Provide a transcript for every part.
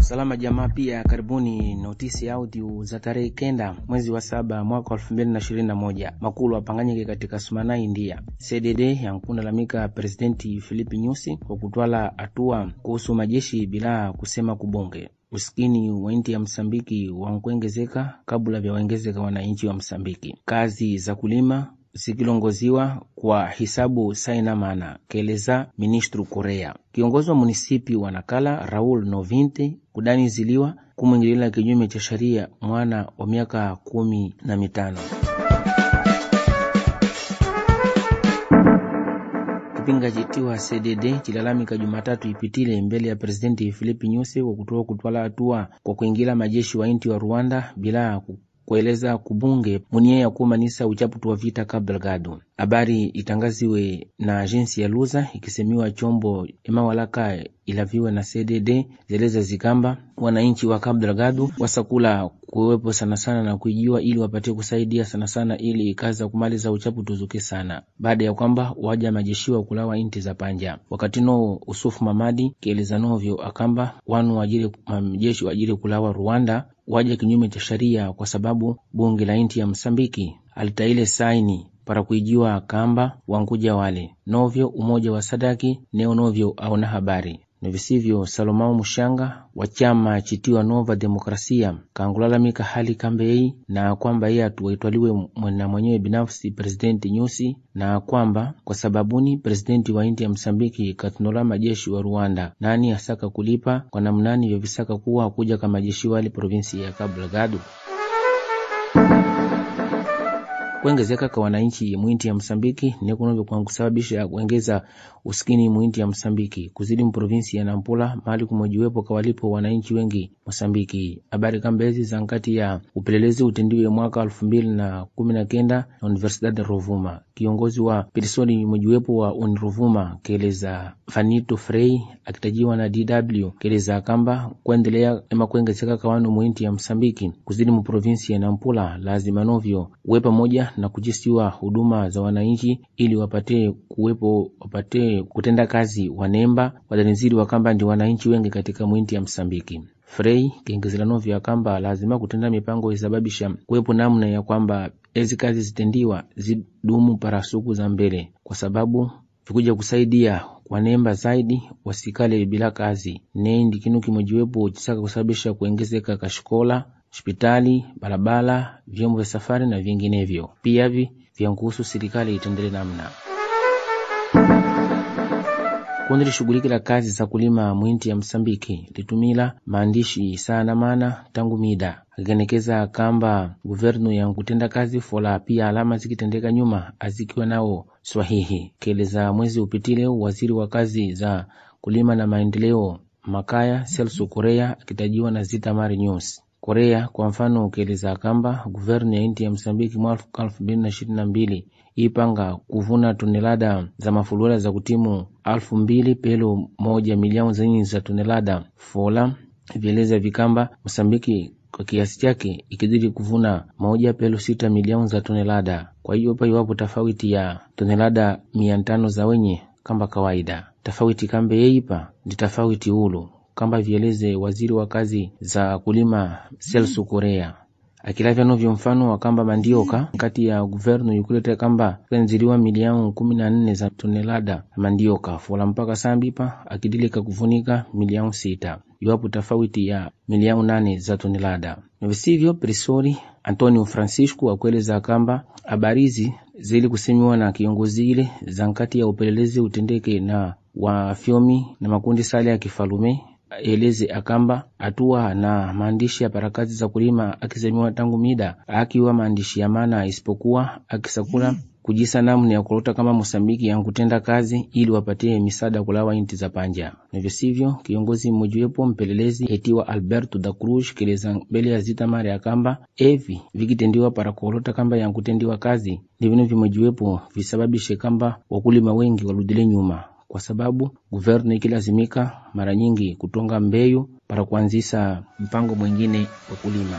Salama jamaa pia karibuni notisi ya audio za tarehe kenda mwezi wa saba mwaka elfu mbili na ishirini na moja makulu apanganyike katika sumana india cdd yankundalamika presidenti filipi nyusi kwa kutwala hatua kuhusu majeshi bila kusema kubonge usikini wa nti ya Msambiki wankuengezeka kabla vya waengezeka wananchi wa Msambiki. Kazi za kulima zikilongoziwa kwa hisabu sainamana keleza ministru korea kiongozi wa munisipi wa nakala raul novinte kudaniziliwa kumwingilila kinyume cha sheria mwana wa miaka kumi na mitano kipinga chitiwa CDD chilalamika Jumatatu ipitile mbele ya Presidenti Filipi Nyusi kwa kutoa kutwala hatua kwa kuingila majeshi wa inti wa Rwanda bila kueleza kubunge muniyeya kuumanisa uchaputu wa vita kabelgado habari itangaziwe na agensi ya luza ikisemiwa chombo imawalaka ilaviwe na cdd zeleza zikamba wananchi wa Cabo Delgado wasakula kuwepo sana sana na kuijiwa ili wapatie kusaidia sana sana ili ikaza kumaliza uchapu tuzuke sana baada ya kwamba waja majeshiwa kulawa inti za panja wakati no Usufu Mamadi kieleza novyo akamba wanu wajiri majeshi wajiri kulawa Rwanda waja kinyume cha sharia kwa sababu bunge la nchi ya Msambiki alitaile saini para kuijiwa kamba wanguja wale novyo umoja wa sadaki neo novyo aona habari ni visivyo. Salomao Mushanga wa chama chitiwa Nova Demokrasia kangulalamika hali kambe yei na kwamba yeye atuwaitwaliwe na mwenyewe binafsi presidenti Nyusi, na kwamba kwa sababuni presidenti wa india Msambiki katunola majeshi wa Rwanda nani asaka kulipa kwa namnani vyovisaka kuwa kuja jeshi wali provinsi ya Cabo Delgado kuongezeka kwa wananchi mwinti ya Msambiki ni kunovyo kwa kusababisha kuongeza usikini mwinti ya Msambiki kuzidi mprovinsi ya Nampula mahali kumojiwepo kwa walipo wananchi wengi Msambiki. Habari kambezi za ngati ya upelelezi utendiwe mwaka 2019 na na kenda na Universidad Rovuma. Kiongozi wa Pirisoni mojiwepo wa Unrovuma keleza Fanito Frey akitajiwa na DW keleza kamba kuendelea ema kuongezeka kwa wanu mwinti ya Msambiki kuzidi mprovinsi ya Nampula lazima novyo uwe pamoja na kujisiwa huduma za wananchi ili wapate kuwepo wapate kutenda kazi wanemba wadaniziri wakamba ndi wananchi wengi katika mwinti ya Msambiki. Frei kiingizirano vya kamba lazima kutenda mipango isababisha kuwepo namna ya kwamba ezi kazi zitendiwa zidumu parasuku za mbele, kwa sababu vikuja kusaidia wanemba zaidi wasikale bila kazi nendi kinu kimojiwepo chisaka kusababisha kuengezeka kashikola hospitali, barabara, vyombo vya safari na vinginevyo. Pia hivi vyankuhusu serikali itendele namna kundi lishughulikila la kazi za kulima mwinti ya Msambiki litumila maandishi sana mana tangu mida akikenekeza kamba guvernu yankutenda kazi fola pia alama zikitendeka nyuma azikiwa nawo swahihi keleza mwezi upitile waziri wa kazi za kulima na maendeleo Makaya Celso Korea akitajiwa na Zita Mari News Korea kwa mfano ukieleza kamba Guverni ya nchi ya Msambiki mwaka elfu mbili na ishirini na mbili ipanga kuvuna tonelada za mafuluela za kutimu alfu mbili pelo moja milioni zenye za tonelada fola vieleza vikamba Msambiki kwa kiasi chake ikizidi kuvuna moja pelo sita milioni za tonelada. Kwa hiyo hapa iwapo tofauti ya tonelada mia tano za wenye kamba kawaida, tofauti kambe yeipa ndi tofauti ulu kamba vieleze waziri wa kazi za kulima Celso korea hmm. akilavya novyo mfano wa kamba mandioka nkati hmm. ya guvernu yukuleta kamba kenziliwa miliau kumi na nne za tonelada mandioka fola mpaka sambipa akidilika kuvunika miliau sita iwapo tofauti ya miliau nane za tonelada novisivyo prisori antonio francisco akueleza kamba abarizi zili kusemiwa na kiongozi ile za nkati ya upelelezi utendeke na wafyomi na makundi sale ya kifalume eleze akamba atuwa na maandishi ya parakazi za kulima akizemiwa tangu mida akiwa maandishi ya mana isipokuwa akisakula kujisa namna ya kulota kama Mosambiki yankutenda kazi ili wapatie misaada kulawa inti za panja navyo sivyo. Kiongozi mmojiwepo mpelelezi etiwa Alberto da Cruz keleza mbele ya zita mari akamba evi vikitendiwa para kulota kamba yankutendiwa kazi ndi vino visababishe kamba wakulima wengi waludile nyuma kwa sababu guvernu ikilazimika mara nyingi kutonga mbeyu para kuanzisa mpango mwingine wa kulima.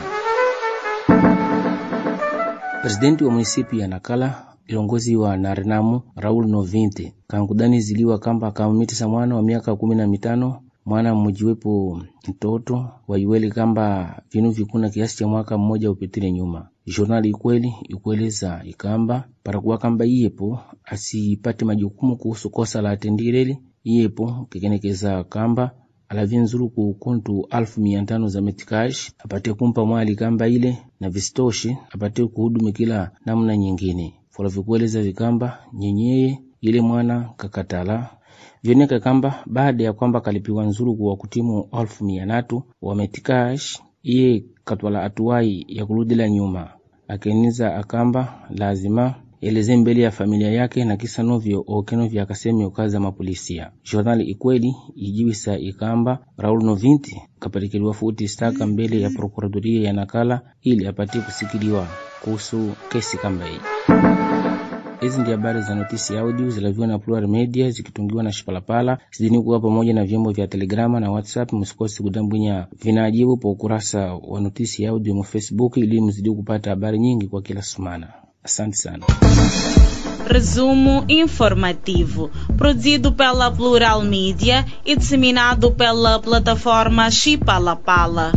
Presidenti wa munisipi ya Nakala ilongoziwa na Renamu Raul Novinte kangudani ziliwa kamba akamumitisa mwana wa miaka kumi na mitano mwana mmojiwepo mtoto waiweli kamba vinu vikuna kiasi cha mwaka mmoja upitile nyuma Jornali Ikweli ikueleza ikamba para kuwa kamba iyepo asipate majukumu kuhusu kosa la tendireli iyepo kekenekeza kamba alavinzuluku kuntu alfu mia za metikash apate kumpa mwali kamba ile na visitoshe apate kuhudumikila namna nyingine fola vikueleza vikamba nyenyeye ile mwana kakatala vyoneka kamba baada ya kwamba kalipiwa nzuluku wa kutimu alfu mia natu wa metikash iye katwala atuwai ya kurudila nyuma akeniza akamba lazima eleze mbele ya familia yake na kisa novyo okenovyo akasemya ukaza mapolisia journal ikweli ijiwisa ikamba raul novinti kapalikiliwa futi staka mbele ya prokuraduria ya nakala ili apati kusikiliwa kuhusu kesi kamba iyi Hizi ndio habari za notisi audio na Plural Media zikitungiwa na Shipalapala zidini kuwa pamoja na vyombo vya Telegrama na WhatsApp. Msikose kudambwinya ukurasa wa notisi audio mu Facebook ili mzidi kupata habari nyingi kwa kila sumana. Asante sana. Resumo informativo, produzido pela Plural Media e disseminado pela plataforma Chipalapala.